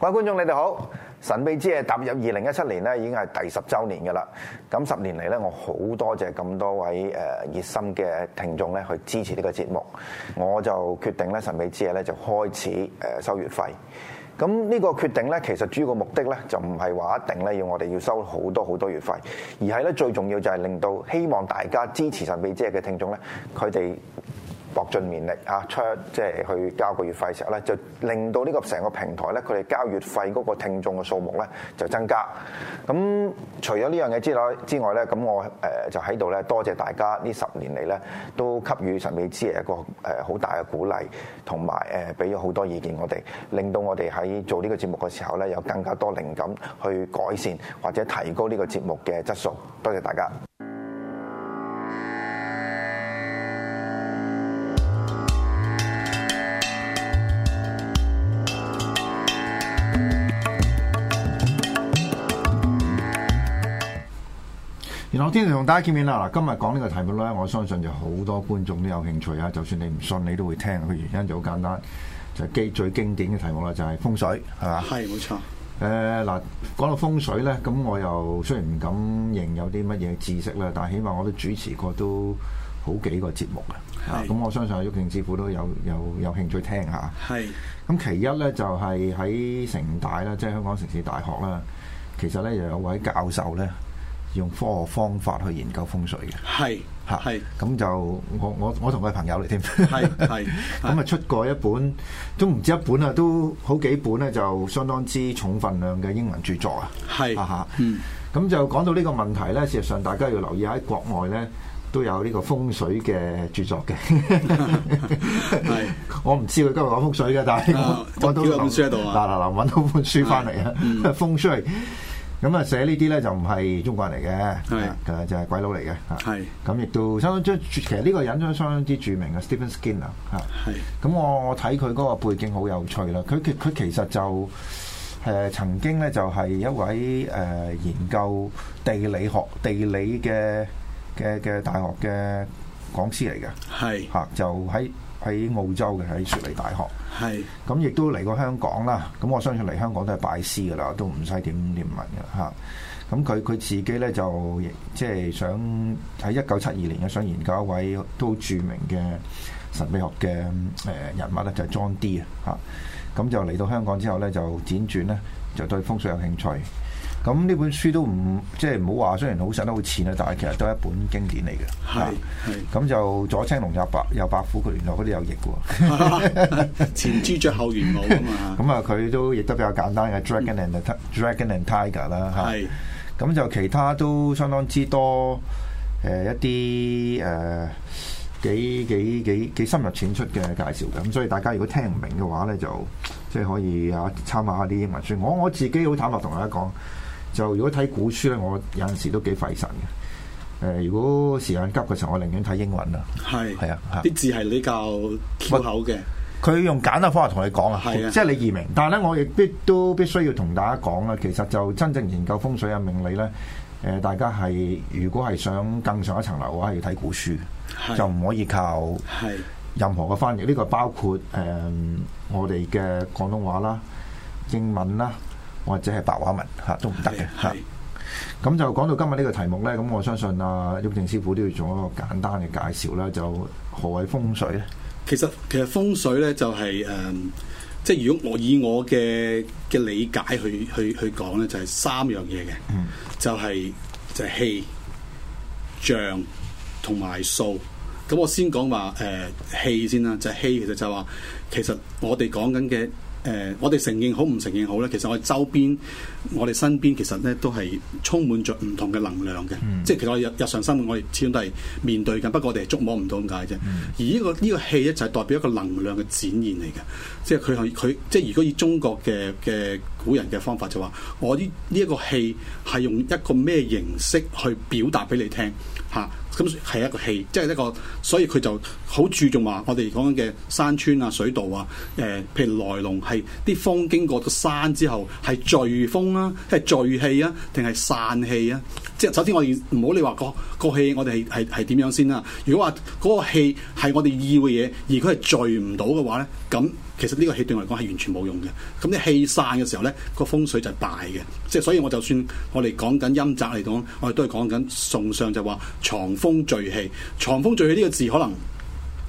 各位觀眾，你哋好！神秘之夜踏入二零一七年咧，已經係第十週年嘅啦。咁十年嚟咧，我好多謝咁多位誒熱心嘅聽眾咧，去支持呢個節目。我就決定咧，神秘之夜咧就開始誒收月費。咁呢個決定咧，其實主要嘅目的咧，就唔係話一定咧要我哋要收好多好多月費，而係咧最重要就係令到希望大家支持神秘之夜嘅聽眾咧，佢哋，搏盡綿力嚇出，即係去交個月費時候咧，就令到呢個成個平台咧，佢哋交月費嗰個聽眾嘅數目咧就增加。咁除咗呢樣嘢之外之外咧，咁我誒就喺度咧，多謝大家呢十年嚟咧都給予神秘之夜一個誒好大嘅鼓勵，同埋誒俾咗好多意見我哋，令到我哋喺做呢個節目嘅時候咧有更加多靈感去改善或者提高呢個節目嘅質素。多謝大家。天晴同大家見面啦！嗱，今日講呢個題目呢，我相信就好多觀眾都有興趣啊。就算你唔信，你都會聽。佢原因就好簡單，就係、是、最經典嘅題目啦，就係風水，係嘛？係，冇錯。誒嗱、呃，講到風水呢，咁我又雖然唔敢認有啲乜嘢知識啦，但係起碼我都主持過都好幾個節目嘅。咁是、啊、我相信阿毓証師傅都有有有興趣聽下。係是。咁其一呢，就係、是、喺城大啦，即、就、係、是、香港城市大學啦。其實呢，又有位教授呢。用科學方法去研究風水嘅，係嚇，係咁就我我我同佢朋友嚟添，係係咁啊出過一本，都唔止一本啊，都好幾本咧，就相當之重份量嘅英文著作啊，係嚇，嗯，咁就講到呢個問題咧，事實上大家要留意喺國外咧都有呢個風水嘅著作嘅。係我唔知佢今日講風水嘅，但係我都揾本書喺度嗱嗱嗱，揾到本書翻嚟啊，風水。咁啊，寫呢啲咧就唔係中國人嚟嘅，誒就係鬼佬嚟嘅嚇。咁亦、啊是啊、都相當之，其實呢個人都相當之著名嘅 Stephen Skinner 嚇。咁是、啊啊、我睇佢嗰個背景好有趣啦，佢佢佢其實就誒、呃、曾經咧就係一位誒、呃、研究地理學地理嘅嘅嘅大學嘅講師嚟嘅。係嚇是、啊、就喺。喺澳洲嘅喺雪梨大學，係咁亦都嚟過香港啦。咁我相信嚟香港都係拜師噶啦，都唔使點念文噶嚇。咁佢佢自己呢，就即係想喺一九七二年嘅想研究一位都著名嘅神秘學嘅誒人物咧，就係 John D 啊嚇。咁就嚟到香港之後呢，就輾轉呢，就對風水有興趣。咁呢本書都唔即係唔好話，雖然好寫得好淺啊，但係其實都係一本經典嚟嘅。係，咁就左青龍右白，右白虎佢原來嗰啲有翼喎， 前朱雀後玄武啊嘛。咁啊，佢都亦都比較簡單嘅《Dragon and Dragon and Tiger，啊》啦是。係。咁就其他都相當之多誒、呃、一啲誒、呃、幾幾幾幾深入淺出嘅介紹咁，所以大家如果聽唔明嘅話咧，就即係可以啊參考一下啲英文書。我我自己好坦白同大家講。就如果睇古書咧，我有陣時都幾費神嘅。誒、呃，如果時間急嘅時候，我寧願睇英文啦。係係是啊，啲、啊、字係比較口嘅。佢用簡單方法同你講啊，即係你易明。但係咧，我亦必都必須要同大家講啦。其實就真正研究風水啊命理咧，誒、呃，大家係如果係想更上一層樓嘅話，我係要睇古書，是就唔可以靠任何嘅翻譯。呢個包括誒、呃、我哋嘅廣東話啦、英文啦。或者係白話文吓都唔得嘅，係咁就講到今日呢個題目咧。咁我相信啊，毓証師傅都要做一個簡單嘅介紹啦。就何謂風水咧？其實其實風水咧就係、是、誒，即係如果我以我嘅嘅理解去去去講咧，就係、是、三樣嘢嘅、嗯就是，就係就係氣、象同埋數。咁我先講話誒氣先啦，就係氣其實就係話、是，其實我哋講緊嘅。誒、呃，我哋承認好唔承認好咧，其實我哋周邊，我哋身邊其實咧都係充滿着唔同嘅能量嘅。嗯、即係其實我哋日日常生活我哋始終都係面對緊，不過我哋係捉摸唔到咁解啫。而、這個這個、氣呢個呢個氣咧就係、是、代表一個能量嘅展現嚟嘅，即係佢係佢即係如果以中國嘅嘅古人嘅方法就話，我呢呢一個氣係用一個咩形式去表達俾你聽吓。啊。咁係、嗯、一個氣，即係一個，所以佢就好注重話，我哋講嘅山川啊、水道啊，誒、呃，譬如來龍係啲風經過咗山之後係聚風啦、啊，即係聚氣啊，定係散氣啊？即係首先我哋唔好你話個、那個氣，我哋係係係點樣先啦、啊？如果話嗰個氣係我哋要嘅嘢，而佢係聚唔到嘅話咧，咁。其實呢個氣對我嚟講係完全冇用嘅，咁你氣散嘅時候呢，個風水就係敗嘅，即係所以我就算我哋講緊陰宅嚟講，我哋都係講緊崇尚就話藏風聚氣，藏風聚氣呢個字可能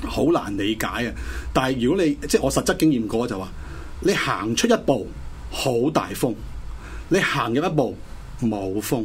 好難理解啊，但係如果你即係我實質經驗過就話、是，你行出一步好大風，你行入一步冇風。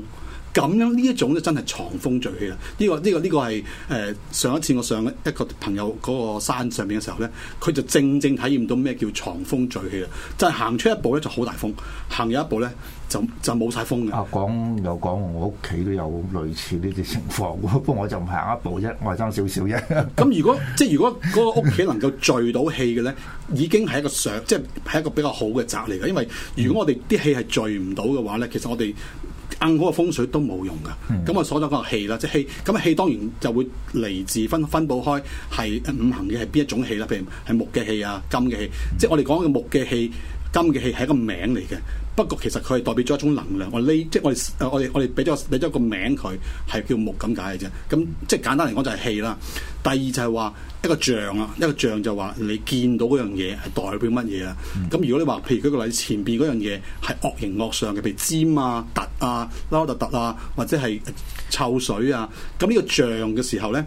咁樣呢一種咧，真係藏風聚氣啦！呢、這個呢、這個呢、這個係誒、呃、上一次我上一個朋友嗰個山上面嘅時候咧，佢就正正體驗到咩叫藏風聚氣啦！就係、是、行出一步咧就好大風，行入一步咧就就冇晒風嘅。啊，講又講，我屋企都有類似呢啲情況，不 過我就唔行一步啫，我係爭少少啫。咁 如果即係如果嗰個屋企能夠聚到氣嘅咧，已經係一個上，即係係一個比較好嘅宅嚟嘅。因為如果我哋啲氣係聚唔到嘅話咧，其實我哋。硬好嘅風水都冇用噶，咁我、嗯、所講個氣啦，即係氣，咁氣當然就會嚟自分分佈開，係五行嘅係邊一種氣啦？譬如係木嘅氣啊、金嘅氣，嗯、即係我哋講嘅木嘅氣。金嘅氣係一個名嚟嘅，不過其實佢係代表咗一種能量。我呢即係我哋，我哋我哋俾咗俾咗個名佢係叫木咁解嘅啫。咁即係簡單嚟講就係氣啦。第二就係話一個象，啊，一個象就話你見到嗰樣嘢係代表乜嘢啊？咁如果你話譬如一個例前邊嗰樣嘢係惡形惡相嘅，譬如尖啊、凸啊、撈凸突啊，或者係臭水啊，咁呢個象嘅時候咧？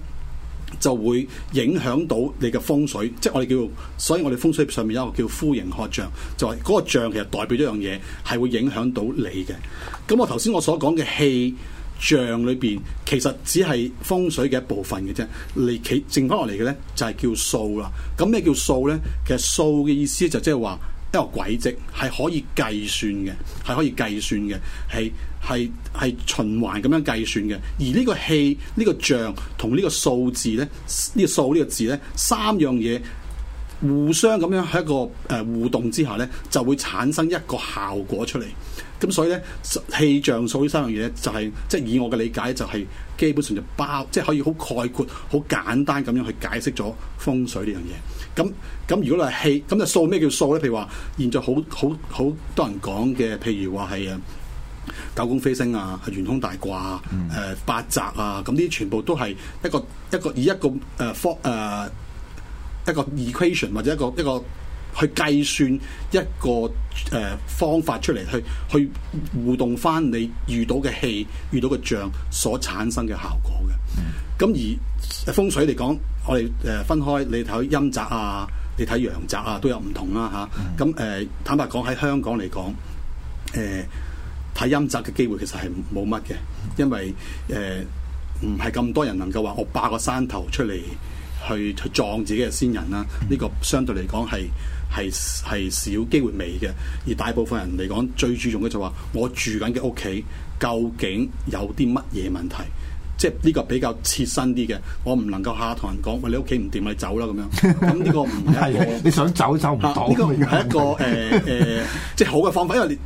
就會影響到你嘅風水，即係我哋叫，所以我哋風水上面有一個叫呼形喝象，就係、是、嗰個象其實代表一樣嘢，係會影響到你嘅。咁我頭先我所講嘅氣象裏邊，其實只係風水嘅一部分嘅啫。你企剩翻落嚟嘅咧，就係、是、叫數啦。咁咩叫數咧？其實數嘅意思就即係話。一個軌跡係可以計算嘅，係可以計算嘅，係係係循環咁樣計算嘅。而呢個氣、呢、呢個象同呢個數字咧，呢、呢個數、呢個字呢三樣嘢互相咁樣喺一個誒、呃、互動之下呢，就會產生一個效果出嚟。咁所以呢，氣、象、數呢三樣嘢、就是，就係即係以我嘅理解、就是，就係基本上就包，即、就、係、是、可以好概括、好簡單咁樣去解釋咗風水呢樣嘢。咁，咁如果你係氣，咁就數，咩叫數咧？譬如話，現在好好好多人講嘅，譬如話係啊九宮飛星啊、玄空大卦、誒八宅啊，咁、呃、啲、啊、全部都係一個一個以一個誒方誒一個 equation 或者一個一個去計算一個誒、呃、方法出嚟，去去互動翻你遇到嘅氣、遇到嘅象所產生嘅效果嘅。咁而風水嚟講，我哋誒分開你睇陰宅啊，你睇陽宅啊，都有唔同啦、啊、嚇。咁、啊、誒坦白講喺香港嚟講，誒、呃、睇陰宅嘅機會其實係冇乜嘅，因為誒唔係咁多人能夠話我霸個山頭出嚟去去撞自己嘅先人啦、啊。呢、呢個相對嚟講係係係少機會未嘅，而大部分人嚟講最注重嘅就話我住緊嘅屋企究竟有啲乜嘢問題。即係呢個比較切身啲嘅，我唔能夠下堂講，喂、哎，你屋企唔掂咪走啦咁樣。咁呢個唔係嘅， 你想走走唔到，呢個係、啊、一個誒誒、 呃呃，即係好嘅方法，因為你。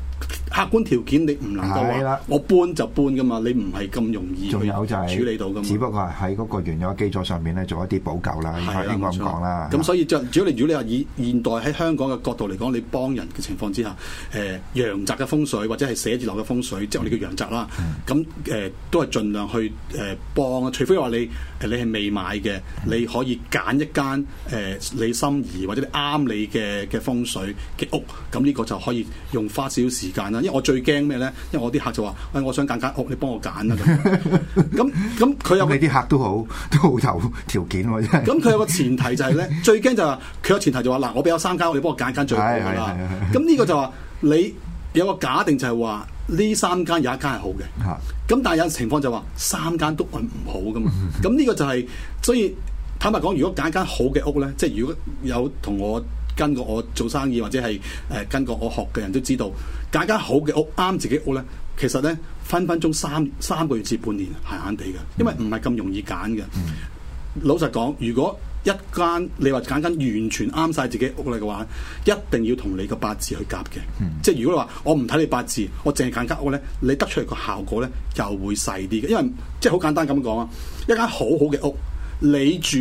客觀條件你唔能夠話，我搬就搬噶嘛，你唔係咁容易，仲有就係處理到嘛，只不過係喺嗰個原有嘅基礎上面咧做一啲補救啦，應該咁講啦。咁所以就主要你如果你話以現代喺香港嘅角度嚟講，你幫人嘅情況之下，誒陽宅嘅風水或者係寫字樓嘅風水，嗯、即係我哋叫陽宅啦。咁誒、呃、都係盡量去誒、呃、幫，除非話你你係未買嘅，嗯、你可以揀一間誒、呃、你心儀或者你啱你嘅嘅風水嘅屋，咁呢個就可以用花少少時間啦。因為我最驚咩咧？因為我啲客就話，餵、哎，我想揀間屋，你幫我揀啊！咁咁，佢有我啲 客都好，都好有條件喎、啊。咁佢有個前提就係、是、咧，最驚就話、是、佢有前提就話、是、嗱，我俾我三間屋，你幫我揀間最好嘅啦。咁呢 個就話、是、你有個假定就係話呢三間有一間係好嘅。咁 但係有情況就話、是、三間都係唔好嘅嘛。咁呢個就係、是、所以坦白講，如果揀間好嘅屋咧，即係如果有同我。跟過我做生意或者係誒、呃、跟過我學嘅人都知道，揀間好嘅屋啱自己屋咧，其實咧分分鐘三三個月至半年閒閒哋嘅，因為唔係咁容易揀嘅。嗯、老實講，如果一間你話揀間完全啱晒自己的屋嚟嘅話，一定要同你個八字去夾嘅。嗯、即係如果話我唔睇你八字，我淨係揀間屋咧，你得出嚟個效果咧又會細啲嘅，因為即係好簡單咁講啊，一間好好嘅屋，你住。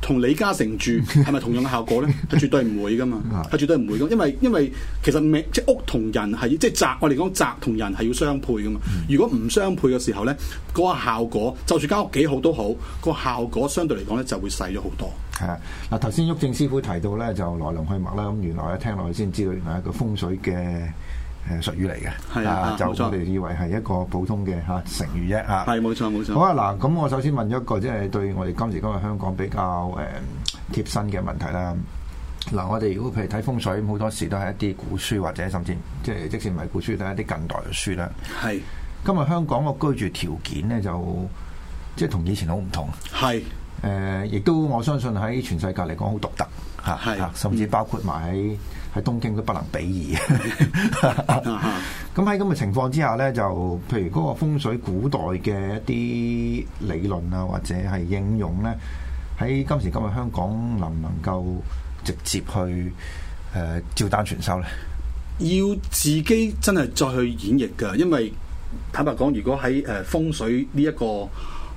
同李嘉誠住係咪同樣嘅效果咧？係絕對唔會噶嘛，係絕對唔會噶，因為因為其實即屋同人係即宅，我哋講宅同人係要相配噶嘛。如果唔相配嘅時候咧，嗰個效果，就算間屋幾好都好，個效果相對嚟講咧就會細咗好多。係啊，嗱頭先毓証師傅提到咧就來龍去脈啦，咁原來咧聽落去先知道原來係一個風水嘅。誒術語嚟嘅，啊就我哋以為係一個普通嘅嚇成語啫嚇。係冇錯冇錯。錯好啊嗱，咁我首先問一個即係、就是、對我哋今時今日香港比較誒、呃、貼身嘅問題啦。嗱、呃，我哋如果譬如睇風水，好多時都係一啲古書或者甚至即係即使唔係古書，都係一啲近代嘅書啦。係是。今日香港個居住條件咧，就即係同以前好唔同。係是。誒、呃，亦都我相信喺全世界嚟講好獨特嚇、啊是啊，甚至包括埋喺、嗯。喺東京都不能比擬，咁喺咁嘅情況之下呢，就譬如嗰個風水古代嘅一啲理論啊，或者係應用呢，喺今時今日香港能唔能夠直接去誒、呃、照單全收呢？要自己真係再去演繹㗎，因為坦白講，如果喺誒、呃、風水呢一個。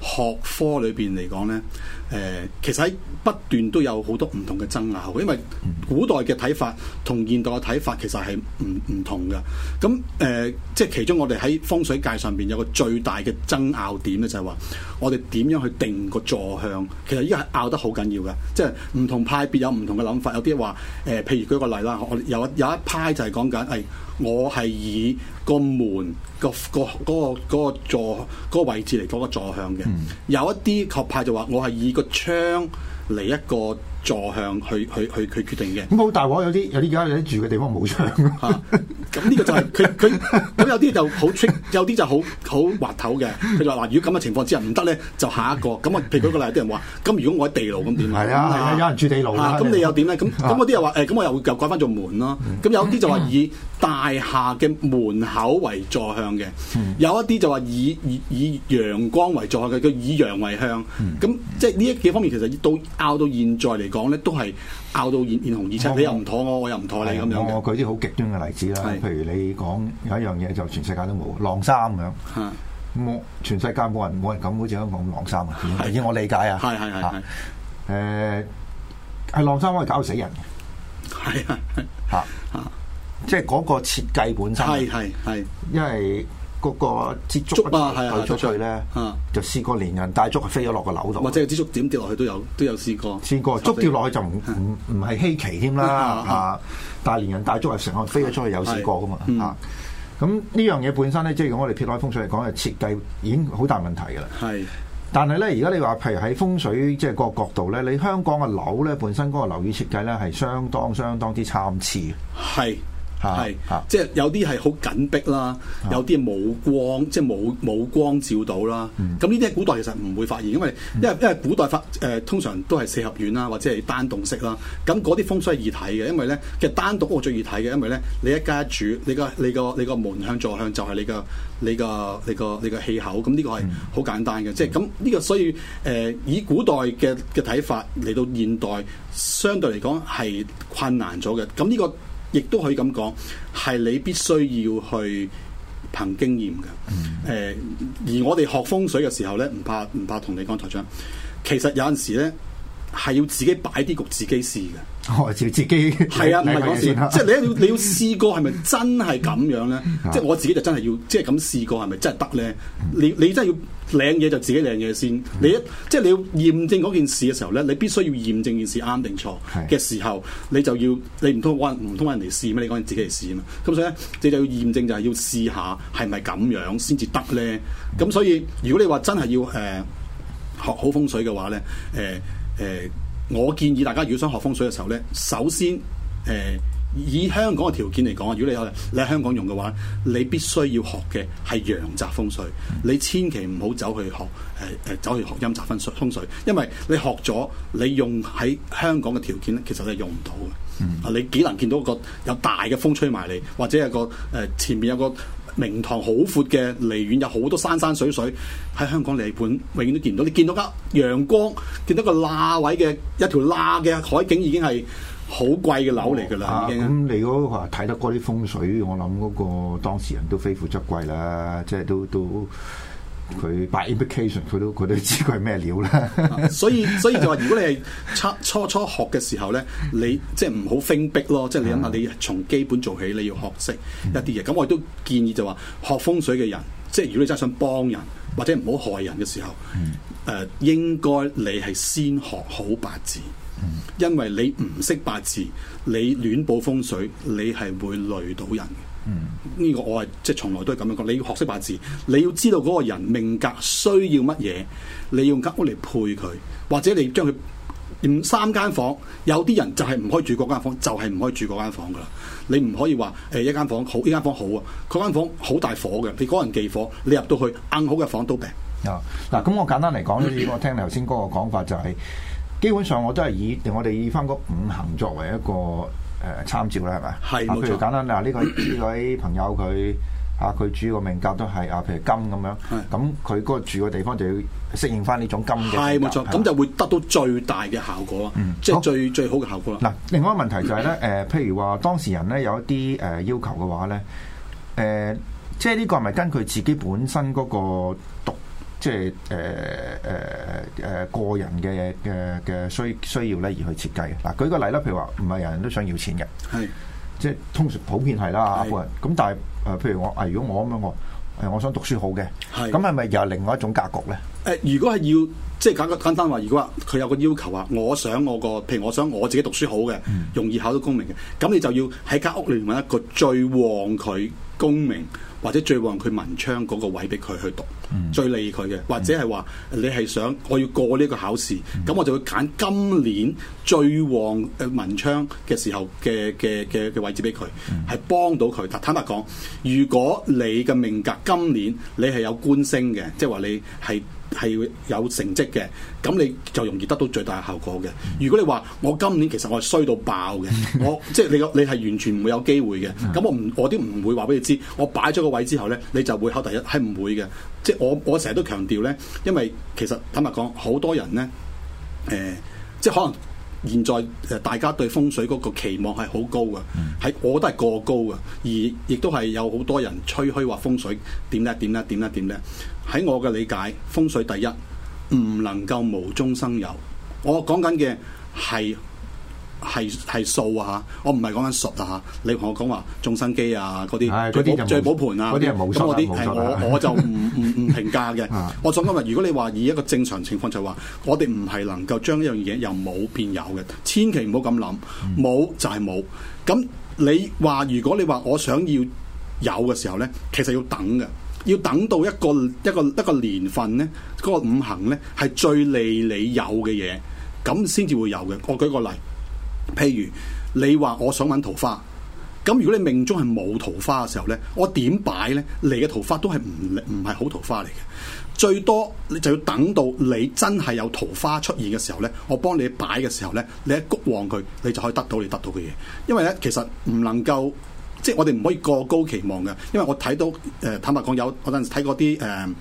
學科裏邊嚟講咧，誒、呃、其實喺不斷都有好多唔同嘅爭拗，因為古代嘅睇法同現代嘅睇法其實係唔唔同嘅。咁誒、呃，即係其中我哋喺風水界上邊有個最大嘅爭拗點咧，就係話我哋點樣去定個坐向，其實依個係拗得好緊要嘅。即係唔同派別有唔同嘅諗法，有啲話誒，譬如舉個例啦，我有一有一派就係講緊，誒、哎、我係以。個門個個嗰個嗰個，個座個位置嚟講個坐向嘅，嗯、有一啲學派就話我係以個窗嚟一個坐向去、嗯、去去去決定嘅。咁好、嗯、大鑊，有啲有啲而家有啲住嘅地方冇窗、啊。 咁呢 個就係佢佢咁有啲就好 trick，有啲就好好滑頭嘅。佢就話：，嗱如果咁嘅情況之下唔得咧，就下一個。咁啊，譬如舉個例，有啲人話：，咁如果我喺地牢咁點啊？係、嗯、啊，有人住地牢啦、啊。咁、啊、你又點咧？咁咁嗰啲又話：，誒，咁、 欸、我又會又改翻做門咯、啊。咁有啲就話以大廈嘅門口為坐向嘅，嗯、有一啲就話以以以陽光為坐向嘅，叫以陽為向。咁、嗯嗯、即係呢一幾方面，其實到拗到現在嚟講咧，都係。拗到面紅耳赤，你又唔妥我，我又唔妥你咁樣嘅。我舉啲好極端嘅例子啦，譬如你講有一樣嘢就全世界都冇，晾衫咁樣。嚇！全世界冇人冇人咁好似香港咁晾衫啊。以我理解啊，嚇。誒，係晾衫可以搞死人。係啊，嚇。即係嗰個設計本身。係係係。因為。嗰個支竹啊，係啊，出去咧，就試過連人帶竹飛咗落個樓度，或者係支竹點跌落去都有都有試過，試過，竹跌落去就唔唔唔係稀奇添啦嚇，但係連人帶竹係成個飛咗出去有試過噶嘛嚇，咁呢樣嘢本身咧，即係我哋撇開風水嚟講，係設計已經好大問題噶啦，係。但係咧，而家你話譬如喺風水即係個角度咧，你香港嘅樓咧本身嗰個樓宇設計咧係相當相當之參差，係。係，是啊、即係有啲係好緊迫啦，啊、有啲冇光，即係冇冇光照到啦。咁呢啲喺古代其實唔會發現，因為因為、嗯、因為古代發誒、呃、通常都係四合院啦，或者係單棟式啦。咁嗰啲風水係易睇嘅，因為咧其實單獨屋最易睇嘅，因為咧你一家一住，你,你,你,你,你,你,你,你個你個你個門向坐向就係你個你個你個你個氣口。咁呢個係好簡單嘅，嗯嗯、即係咁呢個所以誒、呃、以古代嘅嘅睇法嚟到現代，相對嚟講係困難咗嘅。咁呢、呢個亦都可以咁講，係你必須要去憑經驗嘅。誒、呃，而我哋學風水嘅時候咧，唔怕唔怕同你講台長。其實有陣時咧。係要自己擺啲局自、哦，自己試嘅，自己係啊，唔係講笑即，即係你一要你要試過係咪真係咁樣咧？ 即係我自己就真係要即係咁試過係咪真係得咧？你你真係要領嘢就自己領嘢先。嗯、你一即係你要驗證嗰件事嘅時候咧，你必須要驗證件事啱定錯嘅時候，的你就要你唔通揾唔通人哋試咩？你講你自己嚟試啊嘛？咁所以咧，你就要驗證就係要試下係咪咁樣先至得咧？咁所以如果你話真係要誒學好風水嘅話咧，誒、嗯。嗯嗯嗯嗯嗯嗯嗯誒、呃，我建議大家如果想學風水嘅時候呢，首先誒、呃、以香港嘅條件嚟講，如果你喺你喺香港用嘅話，你必須要學嘅係陽宅風水，你千祈唔好走去學誒誒、呃，走去學陰宅風水，因為你學咗，你用喺香港嘅條件咧，其實你係用唔到嘅。啊、嗯，你幾能見到個有大嘅風吹埋嚟，或者係個誒、呃、前面有個名堂好闊嘅，離遠有好多山山水水。喺香港離盤永遠都見到，你見到架陽光，見到個罅位嘅一條罅嘅海景，已經係好貴嘅樓嚟㗎啦，哦啊、已經咁、啊嗯、你嗰個話睇得過啲風水，我諗嗰個當事人都非富則貴啦，即係都都。都佢 by application，佢都佢都知佢係咩料啦、 啊。所以所以就話，如果你係初初初學嘅時候咧，你即係唔好飛逼咯。即係你諗下，你從基本做起，你要學識一啲嘢。咁、嗯、我亦都建議就話，學風水嘅人，即係如果你真係想幫人或者唔好害人嘅時候，誒、嗯呃，應該你係先學好八字，嗯、因為你唔識八字，你亂報風水，你係會累到人。嗯，呢個我係即係從來都係咁樣講，你要學識八字，你要知道嗰個人命格需要乜嘢，你要用間屋嚟配佢，或者你將佢三間房，有啲人就係唔可以住嗰間房，就係、是、唔可以住嗰間房噶啦，你唔可以話誒、欸、一間房好，一間房好啊，嗰間房好大火嘅，你嗰人忌火，你入到去硬好嘅房都病。啊，嗱，咁我簡單嚟講呢，俾 我聽頭先嗰嘅講法就係、是，基本上我都係以我哋以翻嗰五行作為一個。誒參照啦，係咪、嗯？係吧，譬如簡單嗱，呢、嗯、個呢位朋友佢啊佢主要個命格都係啊，譬如金咁樣。係是。咁佢嗰個住嘅地方就要適應翻呢種金嘅。係吧，冇錯。咁就會得到最大嘅效果咯。即係、嗯、最好最好嘅效果啦。嗱，另外一個問題就係、是、咧，誒、呃，譬如話當事人咧有一啲誒要求嘅話咧，誒、呃，即係呢個係咪根據自己本身嗰個讀即係誒誒誒個人嘅嘅嘅需需要咧而去設計，嗱，舉個例啦，譬如話唔係人人都想要錢嘅，係是，即係通常普遍係啦嚇，咁是但係誒、呃、譬如我，如果我咁樣，我誒我想讀書好嘅，咁係咪又係另外一種格局咧？誒、呃，如果係要即係簡單簡單話，如果佢有個要求話，我想我個譬如我想我自己讀書好嘅，嗯、容易考到功名嘅，咁你就要喺間屋裏面搵一個最旺佢功名，或者最旺佢文昌嗰個位俾佢去讀，嗯、最利佢嘅，或者係話，你係想我要過呢個考試，咁、嗯、我就會揀今年最旺誒文昌嘅時候嘅嘅嘅嘅位置俾佢，係幫、嗯、到佢。坦坦白講，如果你嘅命格今年你係有官星嘅，即係話你係。係會有成績嘅，咁你就容易得到最大嘅效果嘅。如果你話我今年其實我衰到爆嘅， 我即係你，你係完全唔會有機會嘅。咁我唔，我啲唔會話俾你知。我擺咗個位之後呢，你就會考第一，係唔會嘅。即係我，我成日都強調呢，因為其實坦白講，好多人呢，誒、呃，即係可能現在誒大家對風水嗰個期望係好高嘅，係 我覺得係過高嘅，而亦都係有好多人吹噓話風水點咧點咧點咧點咧。喺我嘅理解，風水第一，唔能夠無中生有。我講緊嘅係係係數啊，嚇！我唔係講緊術啊，嚇、啊！你同我講話種生機啊，嗰啲聚寶聚寶盆啊，嗰啲咁嗰啲係我、啊、我，我就唔唔唔評價嘅。 我想今日如果你話以一個正常情況就係話，我哋唔係能夠將一樣嘢由冇變有嘅，千祈唔好咁諗，冇就係冇。咁你話如果你話我想要有嘅時候咧，其實要等嘅。要等到一個一個一個年份呢，嗰個五行呢，係最利你有嘅嘢，咁先至會有嘅。我舉個例，譬如你話我想揾桃花，咁如果你命中係冇桃花嘅時候呢，我點擺呢？嚟嘅桃花都係唔唔係好桃花嚟嘅。最多你就要等到你真係有桃花出現嘅時候呢，我幫你擺嘅時候呢，你一谷旺佢，你就可以得到你得到嘅嘢。因為呢，其實唔能夠。即係我哋唔可以過高期望嘅，因為我睇到誒、呃、坦白講有陣時睇過啲誒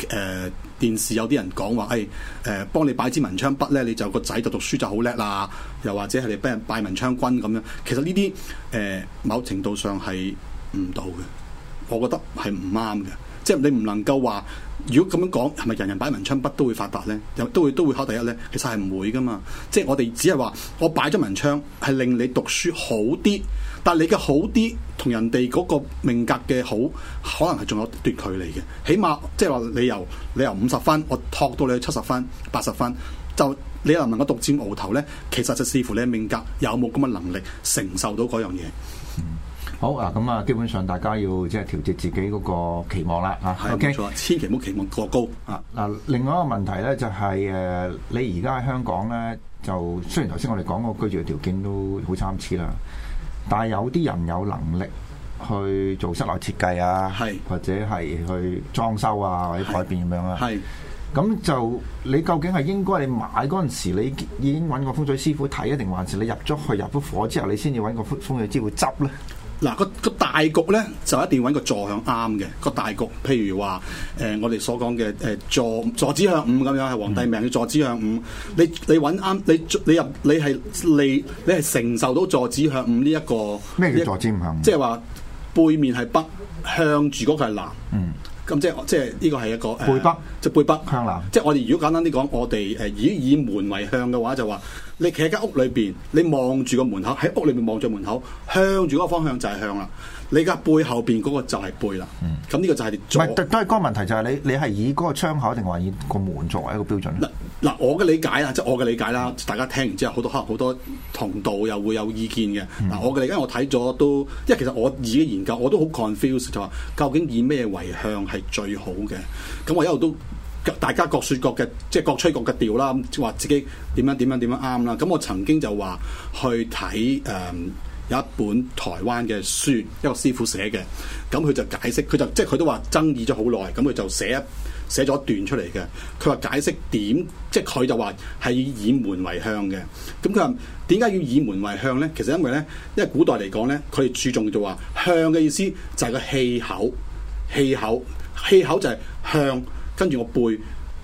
誒電視有啲人講話係誒幫你擺支文昌筆咧，你就個仔就讀書就好叻啦，又或者係你俾人拜文昌君咁樣，其實呢啲誒某程度上係唔到嘅，我覺得係唔啱嘅。即係你唔能夠話，如果咁樣講，係咪人人擺文昌筆都會發達呢？都會都會考第一呢？其實係唔會噶嘛。即係我哋只係話，我擺咗文昌，係令你讀書好啲。但係你嘅好啲，同人哋嗰個命格嘅好，可能係仲有段距離嘅。起碼即係話你由你由五十分，我托到你去七十分、八十分，就你又能，能夠獨占鰲頭呢？其實就視乎你命格有冇咁嘅能力承受到嗰樣嘢。好啊，咁啊，基本上大家要即係、就是、調節自己嗰個期望啦。嚇是，冇 Okay? 錯，千祈唔好期望過高啊。嗱，另外一個問題呢，就係、是、誒、呃、你而家喺香港呢，就雖然頭先我哋講個居住條件都好參差啦，但係有啲人有能力去做室內設計啊，是或者係去裝修啊，或者改變咁樣啊。咁就你究竟係應該你買嗰陣時，你已經揾個風水師傅睇，定還是你入咗去入咗火之後，你先至揾個風水師傅執呢？嗱，個個大局咧就一定揾個坐向啱嘅、嗰個大局，譬如話誒、呃、我哋所講嘅誒坐坐子向午咁樣係皇帝命嘅坐子向午，你你揾啱你你入你係你你係承受到坐子向午呢一個咩叫坐子向？即係話背面係北向住嗰個係南，嗯，咁即係即係呢個係一個背北即、呃、背北向南，即係我哋如果簡單啲講，我哋誒以以，以門為向嘅話就話。就你企喺間屋裏邊，你望住個門口喺屋裏面望住門口，向住嗰個方向就係向啦。你嘅背後邊嗰個就係背啦。咁呢、嗯、個就係唔係都係嗰個問題就？就係你你係以嗰個窗口定話以個門作為一個標準？嗱嗱，我嘅理解啊，即係我嘅理解啦。大家聽完之後，好多可能好多同道又會有意見嘅。嗱、嗯，我嘅理解我睇咗都，因為其實我自己研究我都好 confused 就話，究竟以咩為向係最好嘅？咁我一路都。大家各説各嘅，即係各吹各嘅調啦，即話自己點樣點樣點樣啱啦。咁、嗯、我曾經就話去睇誒、嗯、有一本台灣嘅書，一個師傅寫嘅。咁、嗯、佢就解釋，佢就即係佢都話爭議咗好耐。咁、嗯、佢就寫一寫咗一段出嚟嘅。佢話解釋點，即係佢就話係以門為向嘅。咁佢話點解要以門為向咧？其實因為咧，因為古代嚟講咧，佢哋注重就話向嘅意思就係個氣口，氣口氣口就係向。跟住我背，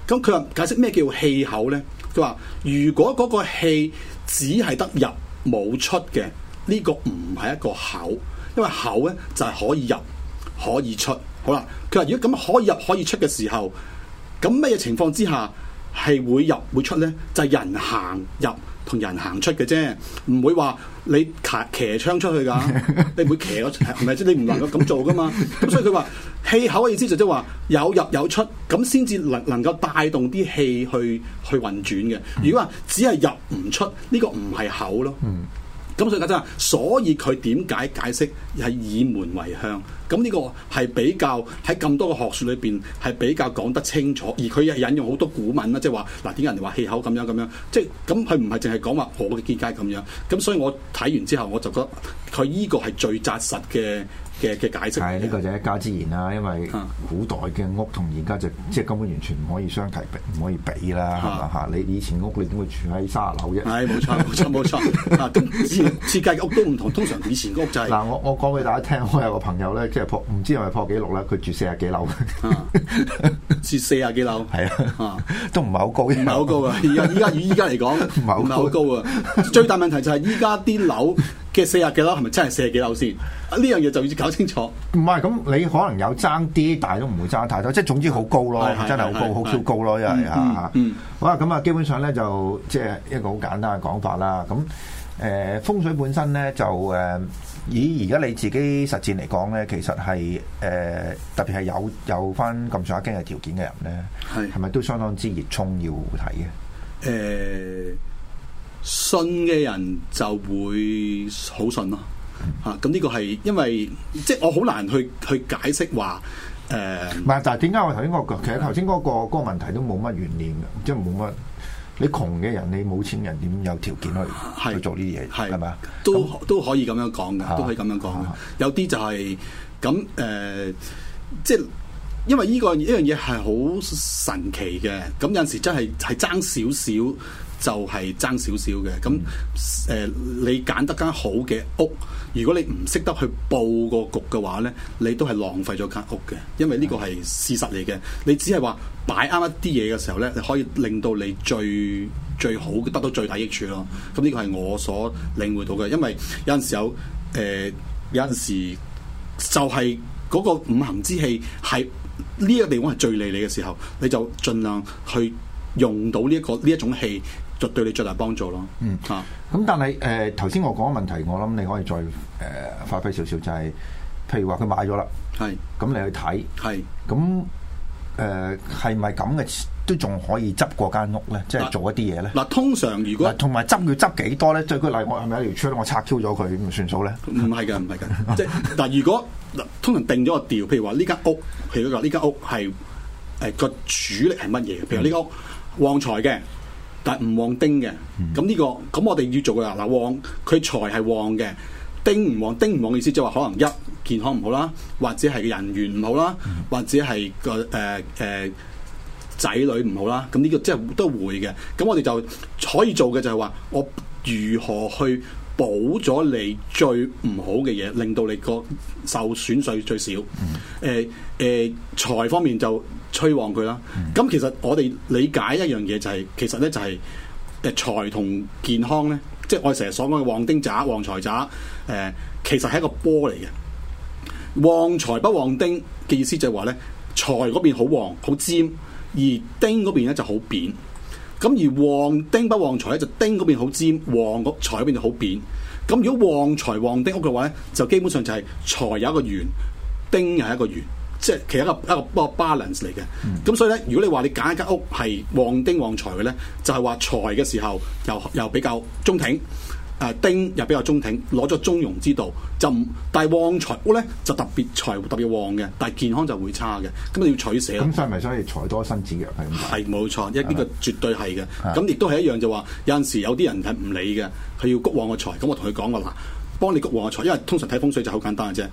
咁佢話解釋咩叫氣口呢？佢話如果嗰個氣只係得入冇出嘅，呢個唔係一個口，因為口呢就係可以入可以出。好啦，佢話如果咁可以入可以出嘅時候，咁咩情況之下？係會入會出咧，就係人行入同人行出嘅啫，唔會話你騎騎槍出去噶，你唔會騎嗰，係咪即你唔能夠咁做噶嘛，咁所以佢話氣口嘅意思就即係話有入有出，咁先至能能夠帶動啲氣去去運轉嘅。如果話只係入唔出，呢個唔係口咯。嗯。咁所以所以佢點解解釋係以門為向？咁呢個係比較喺咁多個學說裏邊係比較講得清楚，而佢又引用好多古文啦，即係話嗱點解人哋話氣口咁樣咁樣，即係咁佢唔係淨係講話我嘅結界咁樣。咁所以我睇完之後，我就覺得佢呢個係最扎實嘅。嘅嘅解釋，係呢個就一家之言啦。因為古代嘅屋同而家就即係根本完全唔可以相提並唔可以比啦，係嘛嚇？你以前屋你點會住喺卅樓啫？係冇錯冇錯冇錯，啊，設設計嘅屋都唔同。通常以前屋就嗱，我我講俾大家聽，我有個朋友咧，即係破唔知係咪破紀錄咧？佢住四十幾樓？啊，住四十幾樓？係啊，都唔係好高，唔係好高啊！而家依家與依家嚟講，唔係好高啊！最大問題就係依家啲樓。即係四廿幾咯，係咪真係四廿幾樓先？呢樣嘢就要搞清楚。唔係咁，你可能有爭啲，但係都唔會爭太多。即係總之好高咯，真係好高，好超高咯，因為啊，好啦，咁啊，基本上咧就即係一個好簡單嘅講法啦。咁誒，風水本身咧就誒，以而家你自己實踐嚟講咧，其實係誒，特別係有有翻咁上下經濟條件嘅人咧，係咪都相當之熱衷要睇嘅？誒。信嘅人就會好信咯、啊，嚇、嗯啊！咁呢個係因為即係我好難去去解釋話誒，唔、呃、係，但係點解我頭先我其實頭先嗰個嗰個問題都冇乜懸念嘅，即係冇乜你窮嘅人，你冇錢人點有條件去是去做呢啲嘢？係咪啊？都都可以咁樣講嘅，都可以咁樣講、啊、attack 有啲就係咁誒，即係因為呢、呢個呢樣嘢係好神奇嘅，咁有時真係係爭少少。就係爭少少嘅，咁誒、呃、你揀得間好嘅屋，如果你唔識得去佈個局嘅話呢，你都係浪費咗間屋嘅，因為呢個係事實嚟嘅。你只係話擺啱一啲嘢嘅時候呢，你可以令到你最最好得到最大益處咯。咁呢個係我所領會到嘅，因為有陣時有誒、呃，有陣時就係嗰個五行之氣係呢個地方係最利你嘅時候，你就盡量去用到呢、這、一個呢一種氣，就對你最大幫助咯。嗯啊，咁、嗯、但係誒頭先我講嘅問題，我諗你可以再誒、呃、發揮少少，就係、是、譬如話佢買咗啦，係咁是你去睇，係咁誒係咪咁嘅都仲可以執過間屋咧？即、就、係、是、做一啲嘢咧。嗱，通常如果同埋執佢執幾多咧？即係佢例我係咪有條窗我拆 Q 咗佢算數咧？唔係㗎，唔係㗎。即係嗱，如果通常定咗個調，譬如話呢間屋，譬如話呢間屋係誒個主力係乜嘢？譬如呢間屋旺財嘅。但係唔旺丁嘅，咁呢、嗯個，咁我哋要做嘅，嗱旺佢財係旺嘅，丁唔旺丁唔旺嘅意思即係話可能一健康唔好啦，或者係嘅人緣唔好啦，嗯、或者係個誒誒仔女唔好啦，咁呢個即係都會嘅，咁我哋就可以做嘅就係話我如何去？補咗你最唔好嘅嘢，令到你個受損失最少。誒誒、mm hmm. 呃呃、財方面就催旺佢啦。咁、mm hmm. 其實我哋理解一樣嘢就係、是，其實咧就係誒財同健康咧，即係我哋成日所講嘅旺丁宅、旺財宅。誒、呃、其實係一個波嚟嘅，旺財不旺丁嘅意思就係話咧，財嗰邊好旺好尖，而丁嗰邊咧就好扁。咁而旺丁不旺財咧，就丁嗰邊好尖，旺財嗰邊就好扁。咁如果旺財旺丁屋嘅話咧，就基本上就係財有一個圓，丁又一個圓，即係其實一個一個 balance 嚟嘅。咁、嗯、所以咧，如果你話你揀一間屋係旺丁旺財嘅咧，就係、是、話財嘅時候又又比較中挺。誒、呃、丁又比較中挺，攞咗中庸之道，就唔但係旺財屋咧，就特別財特別旺嘅，但係健康就會差嘅，咁你要取捨啦。咁係咪所以財多身子弱係咁解？係冇錯，呢嗎個絕對係嘅。咁亦都係一樣就話，有陣時有啲人係唔理嘅，佢要谷旺個財，咁我同佢講過嗱，幫你谷旺個財，因為通常睇風水就好簡單嘅啫。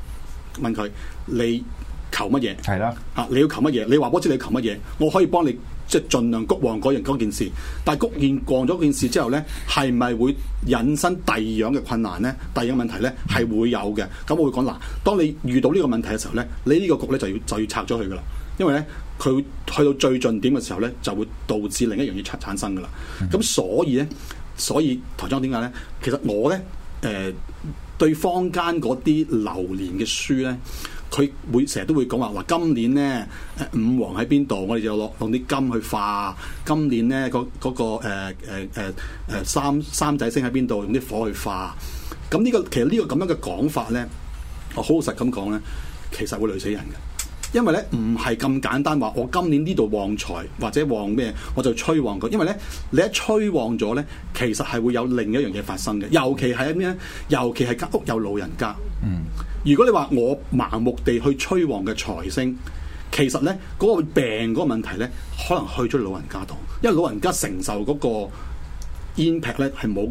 問佢你求乜嘢？係啦的，嚇、啊、你要求乜嘢？你話我知你求乜嘢，我可以幫你。即係盡量谷旺嗰樣嗰件事，但係谷完降咗件事之後咧，係咪會引申第二樣嘅困難咧？第二樣問題咧係會有嘅。咁我會講嗱，當你遇到呢個問題嘅時候咧，你呢個局咧就要就要拆咗佢噶啦。因為咧佢去到最盡點嘅時候咧，就會導致另一樣嘢產產生噶啦。咁、嗯、所以咧，所以台長點解咧？其實我咧誒、呃、對坊間嗰啲流年嘅書咧，佢會成日都會講話話今年咧五黃喺邊度，我哋就攞用啲金去化。今年咧嗰嗰個誒誒、呃呃、三三仔星喺邊度，用啲火去化。咁呢、呢個其實呢個呢呢個咁樣嘅講法咧，我好實咁講咧，其實會累死人嘅。因為咧唔係咁簡單話，我今年呢度旺財或者旺咩，我就催旺佢。因為咧你一催旺咗咧，其實係會有另一樣嘢發生嘅。尤其係咩咧？尤其係間屋有老人家。嗯。如果你話我盲目地去催旺嘅財星，其實呢嗰、嗰個病嗰個問題呢，可能去咗老人家度，因為老人家承受嗰、嗰個。煙劈咧係冇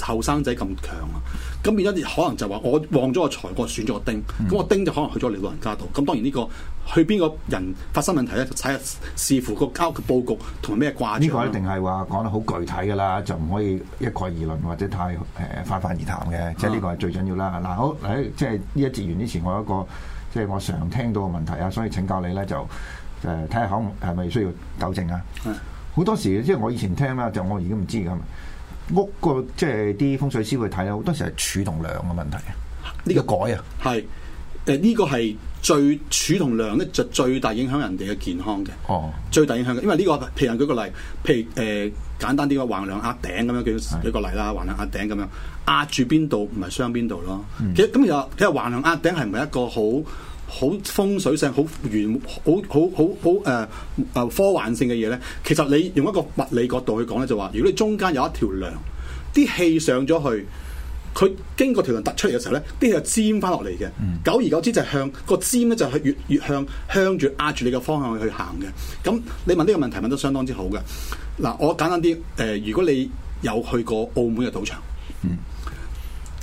後生仔咁強啊！咁變咗可能就話我旺咗個財，我選咗個丁，咁、個丁就可能去咗你老人家度。咁當然呢、呢個去邊個人發生問題咧，就睇下視乎個格局佈局同埋咩掛住。呢個一定係話講得好具體㗎啦，就唔可以一概而論或者太誒、呃、泛泛而談嘅。即係呢個係最緊要啦。嗱、啊啊，好喺即係呢一節完之前，我有一個即係我常聽到嘅問題啊，所以請教你咧就誒睇下可係咪需要糾正啊？好多時即係我以前聽啦，就我而家唔知咁屋個即係啲風水師會睇啦。好多時係柱同梁嘅問題，呢、呢個改啊，係誒呢個係最柱同梁，咧就最大影響人哋嘅健康嘅。哦，最大影響，因為呢、呢個譬如舉個例，譬如誒、呃、簡單啲個橫梁壓頂咁樣舉舉個例啦，橫梁壓頂咁樣，是 壓頂咁樣壓住邊度唔係傷邊度咯。嗯、其實咁又，其實橫梁壓頂係唔係一個好？好風水性、好玄、好好好好誒誒科幻性嘅嘢咧，其實你用一個物理角度去講咧，就話如果你中間有一條梁，啲氣上咗去，佢經過條梁突出嚟嘅時候咧，啲氣就尖翻落嚟嘅。嗯、久而久之就向、個尖咧就係越越向向住壓住你嘅方向去行嘅。咁你問呢個問題問得相當之好嘅。嗱，我簡單啲誒、呃，如果你有去過澳門嘅賭場，嗯，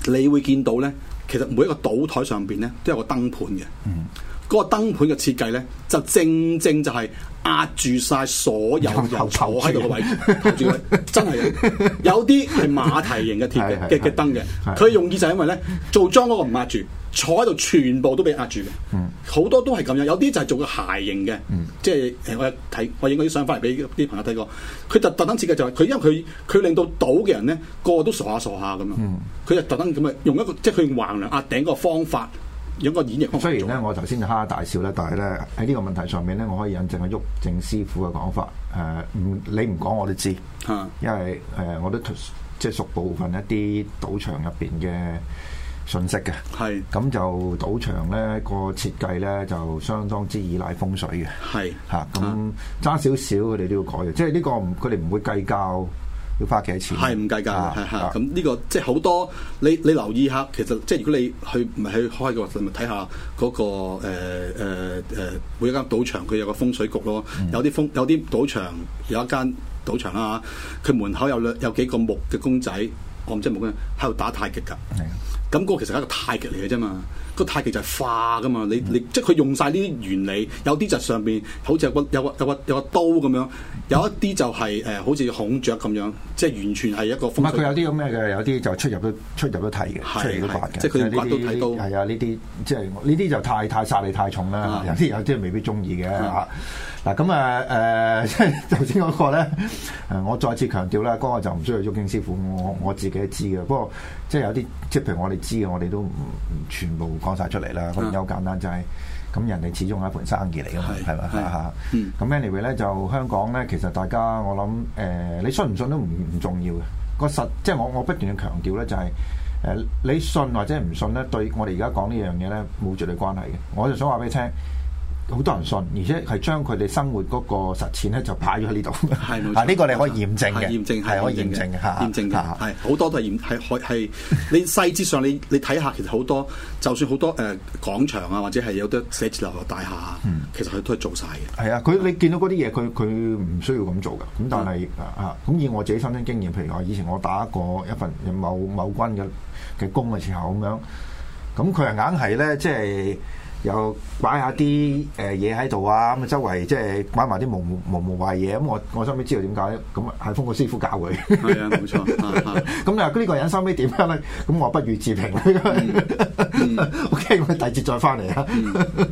你會見到咧。其實每一個賭台上邊咧，都有個燈盤嘅。嗯。嗰個燈盤嘅設計咧，就正正就係壓住晒所有人坐喺度嘅位置，住佢， 真係有啲係馬蹄型嘅鐵嘅嘅燈嘅，佢用意就係因為咧做裝嗰個唔壓住，坐喺度全部都俾壓住嘅，好多都係咁樣，有啲就係做個鞋型嘅， 即係誒，我有睇，我影嗰啲相翻嚟俾啲朋友睇過，佢就特登設計就係、是、佢因為佢佢令到賭嘅人咧個個都傻下傻下咁啊，佢就特登咁啊用一個即係佢用橫梁壓頂嗰個方法。有個演繹雖然咧，我頭先就哈哈大笑咧，但係咧喺呢個問題上面咧，我可以引證阿毓証師傅嘅講法，誒、呃、唔你唔講我都知，嚇，因為誒、呃、我都即係屬部分一啲賭場入邊嘅信息嘅，係是，咁就賭場咧、嗰個設計咧就相當之依賴風水嘅，係是，嚇、啊，咁差少少佢哋都要改嘅，即係呢個唔佢哋唔會計較。要花幾多錢？係唔計㗎，係係咁，呢個即係好多，你你留意下，其實即係如果你去唔係去開嘅話，你咪睇下嗰個誒誒誒每一間賭場佢有個風水局咯，有啲風有啲賭場有一間賭場啦嚇，佢、啊、門口有兩有幾個木嘅公仔，我唔知木公仔喺度打太極㗎。咁嗰其實係一個太極嚟嘅啫嘛，個太極就係化噶嘛，你你即係佢用晒呢啲原理，有啲就上邊好似有個有個有個有個刀咁樣，有一啲就係、是、誒、呃、好似孔雀咁樣，即係完全係一個風。唔佢有啲咁咩嘅，有啲就出入都出入都睇嘅，出入都睇嘅，即係佢都睇到。係啊，呢啲即係呢啲就太太殺氣太重啦，啊、有啲有啲未必中意嘅。嗱咁啊誒，頭先嗰個咧誒，我再次強調啦，個、那個、就唔需要郁毓証師傅，我我自己知嘅。不過即係有啲，即係譬如我哋知嘅，我哋都唔全部講晒出嚟啦。好簡單、啊、就係、是、咁，人哋始終係一盤生意嚟嘅嘛，係咪是 吧？嚇。咁 anyway 咧，就香港咧，其實大家我諗誒、呃，你信唔信都唔唔重要嘅。個實即係我我不斷去強調咧、就是，就係誒你信或者唔信咧，對我哋而家講呢樣嘢咧冇絕對關係嘅。我就想話俾你聽。 好多人信，而且係將佢哋生活嗰個實踐咧，就擺咗喺呢度。係，呢個你可以驗證嘅，係可以驗證嘅嚇，係好多都係驗係可係你細節上你你睇下，其實好多就算好多誒廣場啊，或者係有啲寫字樓、大廈其實佢都係做晒嘅。係啊，佢你見到嗰啲嘢，佢佢唔需要咁做㗎。咁但係啊，咁以我自己親身經驗，譬如話以前我打過一份某某軍嘅嘅工嘅時候咁樣，咁佢係硬係咧，即係。又玩下啲誒嘢喺度啊！咁、呃、啊，周圍即係玩埋啲無無無無壞嘢。咁我我收尾知道點解咁啊，係封個師傅教佢。係 啊，冇錯。咁你話呢個人收尾點咧？咁我不如自平 OK，咁第二節再翻嚟啦。嗯